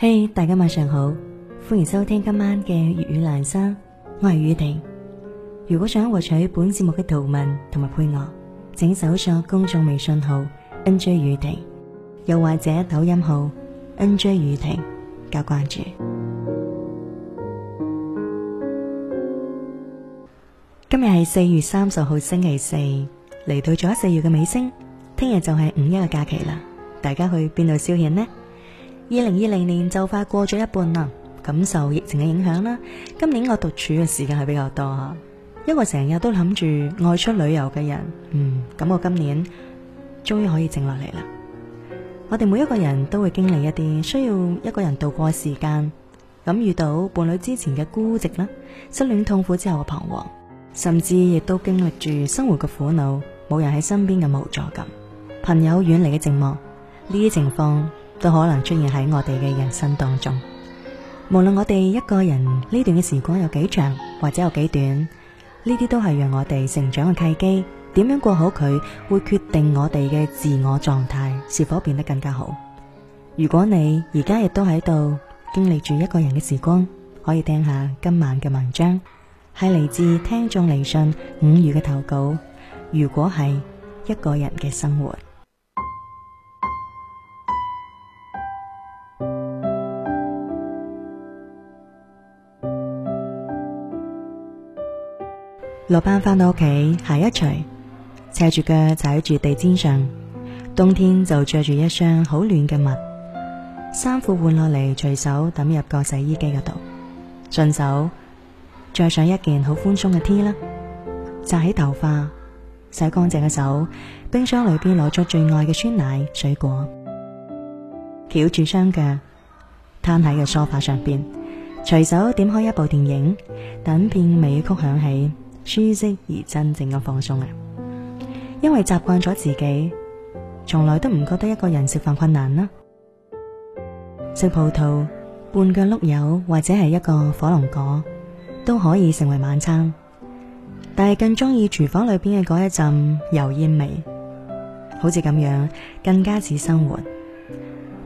嘿，hey, 大家晚上好，歡迎收聽今晚嘅粵語欄聲，我係雨婷。如果想獲取本節目嘅圖文同埋配樂，請搜索公眾微信號 nj 雨婷，又或者抖音號 nj 雨婷加關注。今日係四月三十號，星期四，嚟到咗四月嘅尾聲，聽日就係五一嘅假期啦，大家去邊度消遣呢？二零二零年就快過咗一半啦，感受疫情嘅影響啦。今年我獨處嘅時間係比較多啊，一個成日都諗住外出旅遊嘅人，嗯，咁我今年終於可以靜落嚟啦。我哋每一個人都會經歷一啲需要一個人度過嘅時間，咁遇到伴侶之前嘅孤寂啦，失戀痛苦之後嘅彷徨，甚至亦都經歷住生活嘅苦惱，冇人喺身邊嘅無助感，朋友遠離嘅寂寞，呢啲情況，都可能出現喺我哋嘅人生當中，無論我哋一個人呢段嘅時光有幾長或者有幾短，呢啲都係讓我哋成長嘅契機。點樣過好佢，會決定我哋嘅自我狀態是否變得更加好。如果你而家亦都喺度經歷住一個人嘅時光，可以聽下今晚嘅文章，係嚟自聽眾嚟信五月嘅投稿。如果係一個人嘅生活。落班返到屋企，鞋一除，斜住腳踩住地氈上，上。冬天就着住一雙好暖嘅襪，衫褲換落嚟，隨手抌入個洗衣機嗰度，順手着上一件好寬鬆嘅 T 啦，紮起頭髮，洗乾淨嘅手，冰箱裏邊攞出最愛嘅酸奶、水果，翹住雙腳，攤喺個梳化上邊，隨手點開一部電影，等片尾曲響起。舒適而真正嘅放鬆啊！因為習慣咗自己，從來都唔覺得一個人食飯困難啦、啊。食葡萄、半個碌柚或者係一個火龍果都可以成為晚餐，但係更鍾意廚房裏邊嘅嗰一陣油煙味，好似咁樣更加似生活。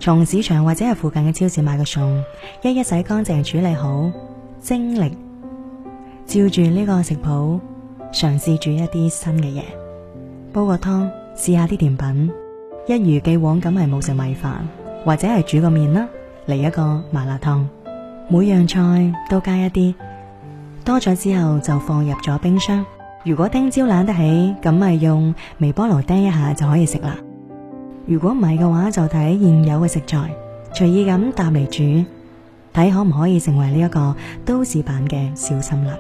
從市場或者係附近嘅超市買個餸，一一洗乾淨處理好，精力。照住呢個食譜嘗試煮一啲新嘅嘢，煲個湯試一下啲甜品，一如既往咁係冇食米飯，或者係煮個麵啦，嚟一個麻辣燙，每樣菜都加一啲，多咗之後就放入咗冰箱。如果聽朝懶得起，咁係用微波爐叮一下就可以食啦。如果唔係嘅話，就睇現有嘅食材，隨意咁搭嚟煮，睇可唔可以成為呢一個都市版嘅小森林。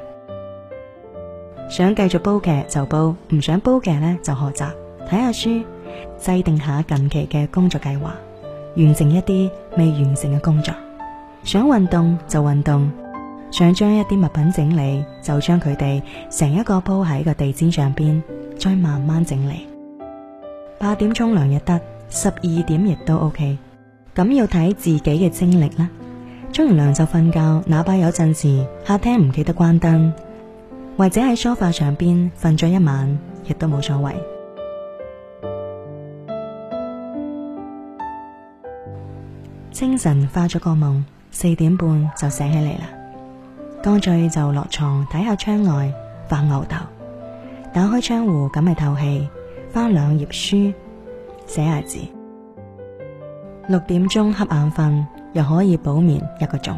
想繼續煲劇就煲，唔想煲劇呢就學習，睇下書，制定下近期嘅工作計劃，完成一啲未完成嘅工作。想運動就運動，想將一啲物品整理，就將佢哋成一個鋪喺個地氈上邊，再慢慢整理。八點沖涼亦得，十二點亦都 OK，咁要睇自己嘅精力啦。沖完涼就瞓覺，哪怕有陣時客廳唔記得關燈。或者喺梳化上邊瞓咗一晚，亦都冇所謂。清晨化咗個夢，四點半就醒起嚟啦。乾脆就落床睇下窗外，發牛頭，打開窗戶咁去透氣，翻兩頁書，寫下字。六點鐘瞌眼瞓，又可以補眠一個鐘。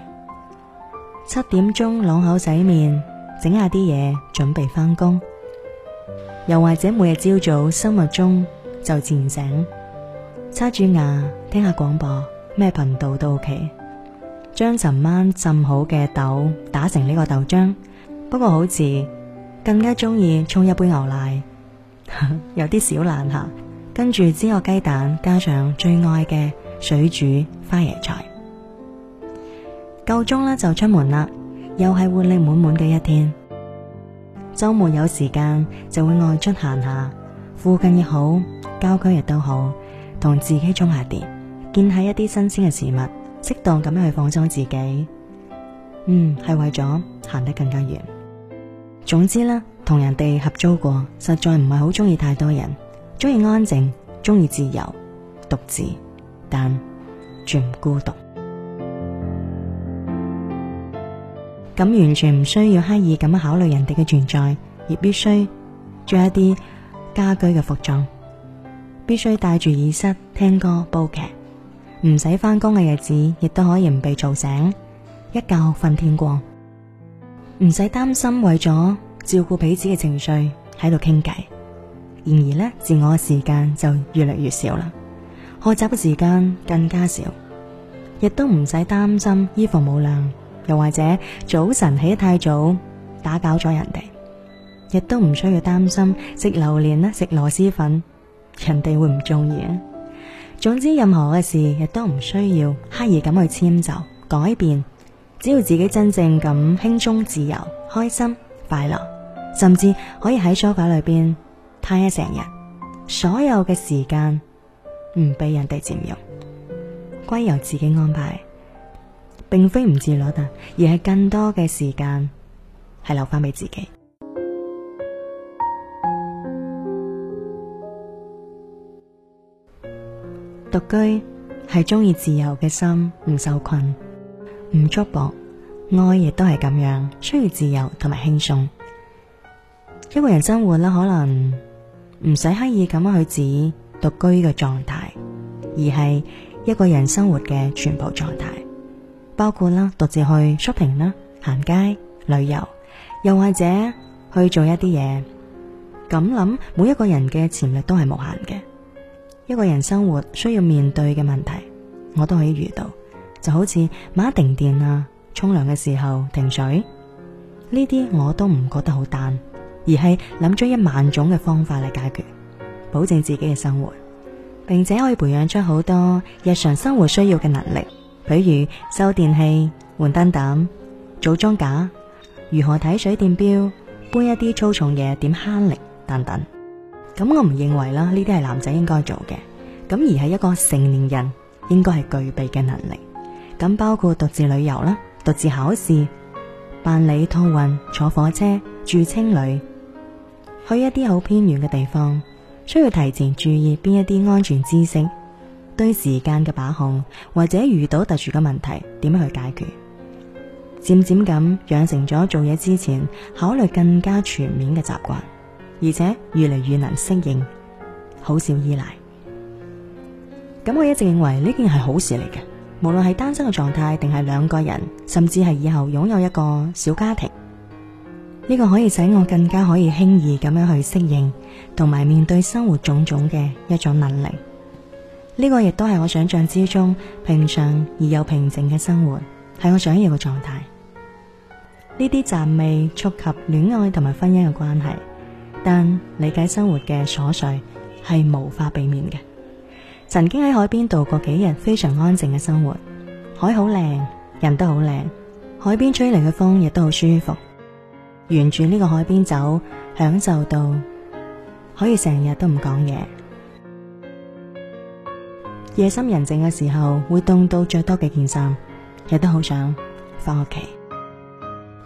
七點鐘漱口洗面。整下啲嘢，準備翻工。又或者每日朝早生物鐘就自然醒，刷住牙聽下廣播，咩頻道都 ok。將尋晚浸好嘅豆打成呢個豆漿，不過好似，更加中意沖一杯牛奶， 有啲小懶下。跟住煎個雞蛋，加上最愛嘅水煮花椰菜。夠鐘啦，就出門啦。又係活力滿滿嘅一天，周末有時間就會外出行下，附近亦好，郊區亦都好，同自己充下電，見下一啲新鮮嘅事物，適當咁樣去放鬆自己。嗯，係為咗行得更加遠。總之呢，同人哋合租過，實在唔係好中意太多人，中意安靜，中意自由，獨自，但絕唔孤獨。咁完全唔需要刻意咁考慮人哋嘅存在，亦必須着一啲家居嘅服裝，必須帶住耳塞聽歌、煲劇，唔使翻工嘅日子亦都可以唔被嘈醒，一覺瞓天光，唔使擔心為咗照顧彼此嘅情緒喺度傾偈。然而呢，自我嘅時間就越嚟越少啦，學習嘅時間更加少，亦都唔使擔心衣服冇晾。又或者早晨起得太早，打攪咗人哋，亦都唔需要擔心食榴蓮啦，食螺螄粉，人哋會唔中意啊？總之任何嘅事亦都唔需要刻意咁去遷就、改變，只要自己真正咁輕鬆、自由、開心、快樂，甚至可以喺梳化裏邊癱一成日，所有嘅時間唔俾人哋佔用，歸由自己安排。並非唔自樂啊，而係更多嘅時間係留翻俾自己。獨 居係中意自由嘅心，唔受困，唔捉搏，愛亦都係咁樣，需要自由同埋輕鬆。一個人生活啦，可能唔使刻意咁樣去指獨居嘅狀態，而係一個人生活嘅全部狀態。包括啦，獨自去 shopping 啦，行街旅遊，又或者去做一啲嘢。咁諗，每一個人嘅潛力都係無限嘅。一個人生活需要面對嘅問題，我都可以遇到。就好似某一天停電啊，沖涼嘅時候停水，呢啲我都唔覺得好淡，而係諗咗一萬種嘅方法嚟解決，保證自己嘅生活，並且可以培養出好多日常生活需要嘅能力。譬如修電器、換燈膽、做裝架，如何睇水電表、搬一啲粗重嘢、點慳力等等，咁我唔認為啦，呢啲係男仔應該做嘅，咁而係一個成年人應該係具備嘅能力。咁包括獨自旅遊啦、獨自考試、辦理託運、坐火車、住青旅、去一啲好偏遠嘅地方，需要提前注意邊一啲安全知識。對時間嘅把控，或者遇到特殊嘅問題，點樣去解決？漸漸咁養成咗做嘢之前考慮更加全面嘅習慣，而且越嚟越能適應，好少依賴。咁我一直認為呢件係好事嚟嘅，無論係單身嘅狀態，定係兩個人，甚至係以後擁有一個小家庭，呢個可以使我更加可以輕易咁樣去適應同埋面對生活種種嘅一種能力。呢個亦都係我想象之中平常而又平靜嘅生活，係我想要嘅狀態。呢啲暫未觸及戀愛同埋婚姻嘅關係，但理解生活嘅瑣碎係無法避免嘅。曾經喺海邊度過幾日非常安靜嘅生活，海好靚，人都好靚，海邊吹嚟嘅風亦都好舒服。沿住呢個海邊走，享受到可以成日都唔講嘢。夜深人靜嘅時候，會凍到着多幾件衫，亦都好想翻屋企。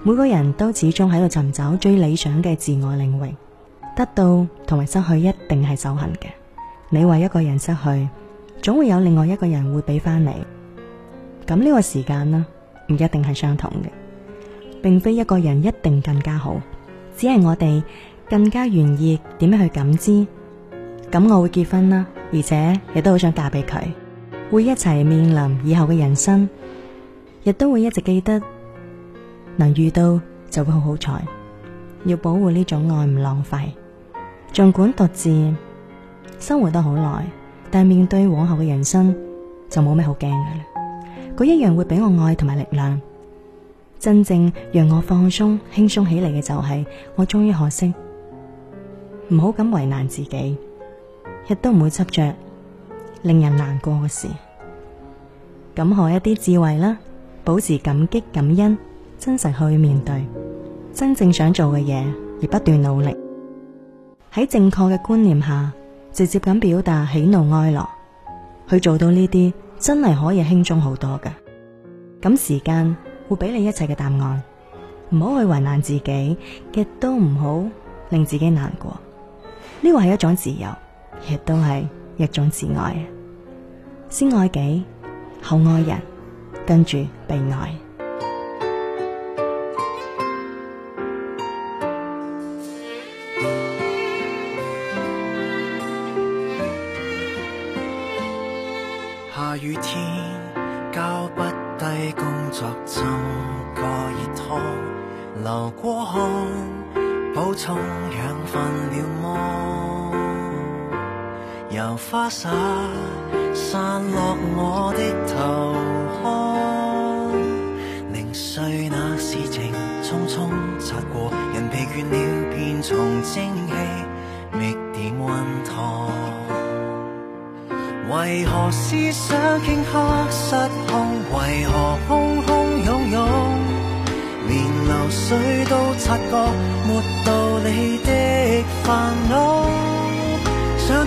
每個人都始終喺度尋找最理想嘅自我領域，得到同埋失去一定係守恆嘅。你為一個人失去，總會有另外一個人會俾翻你。咁呢個時間呢，唔一定係相同嘅，並非一個人一定更加好，只係我哋更加願意點樣去感知。咁我會結婚啦，而且亦都好想嫁俾佢，會一齊面臨以後嘅人生，亦都會一直記得能遇到就會好好彩。要保護呢種愛唔浪費，盡管獨自生活得好耐，但面對往後嘅人生就冇咩好驚噶啦。佢一樣會俾我愛同埋力量。真正讓我放鬆輕鬆起嚟嘅，就係我終於學識唔好咁為難自己。亦都唔會執着令人難過嘅事，感悟一啲智慧啦，保持感激感恩，真實去面對真正想做嘅嘢而不斷努力。喺正確嘅觀念下，直接咁表達喜怒哀樂，去做到呢啲真係可以輕鬆好多㗎。咁時間會俾你一切嘅答案，唔好去為難自己，亦都唔好令自己難過。呢個係一種自由。亦都係一種自愛，先愛己，後愛人，跟住被愛。下雨天，交不低工作，浸個熱湯，流過汗，補充養分了麼？由花灑散落我的頭殼，零碎那事情匆匆擦過，人疲倦了便從蒸氣，覓點溫燙。為何思想頃刻失控？為何空空湧湧湧，連流水都察覺沒道理的煩惱。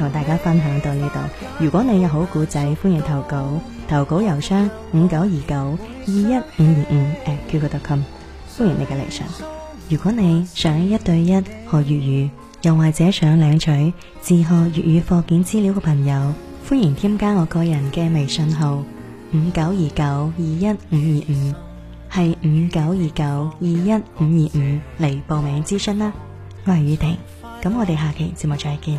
同大家分享到呢度。如果你有好故仔，歡迎投稿。投稿郵箱五九二九二一五二五，誒，叫佢讀琴。 com, 歡迎你嘅理想。如果你想一對一學粵語，又或者想領取自學粵語課件資料嘅朋友，歡迎添加我個人嘅微信號五九二九二一五二五，係五九二九二一五二五嚟報名諮詢啦。我係雨婷，咁我哋下期節目再見。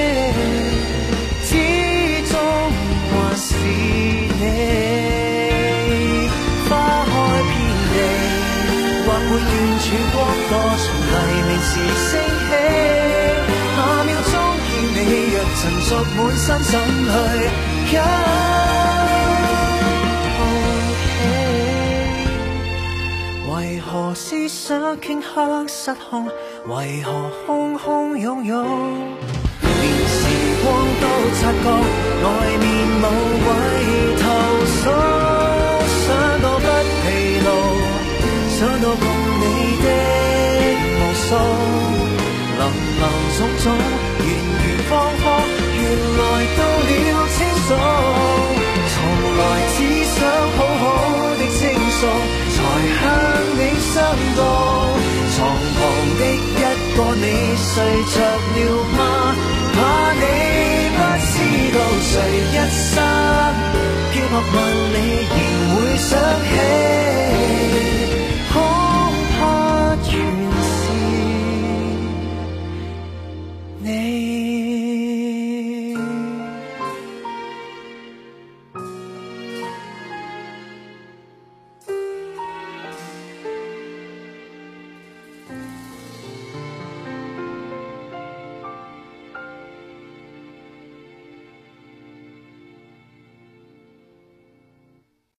而升起，下秒鐘見你，若曾着滿身怎去緊抱起？為何思想頃刻失控？為何洶洶湧湧？連時光都察覺外面無謂投訴，想到不疲勞，想到共你的無數。種種圓圓方方，原來到了清楚。從來只想好好的傾訴，才向你相告。床旁的一個你睡着了嗎？怕你不知道，誰一生飄泊萬里仍會想起。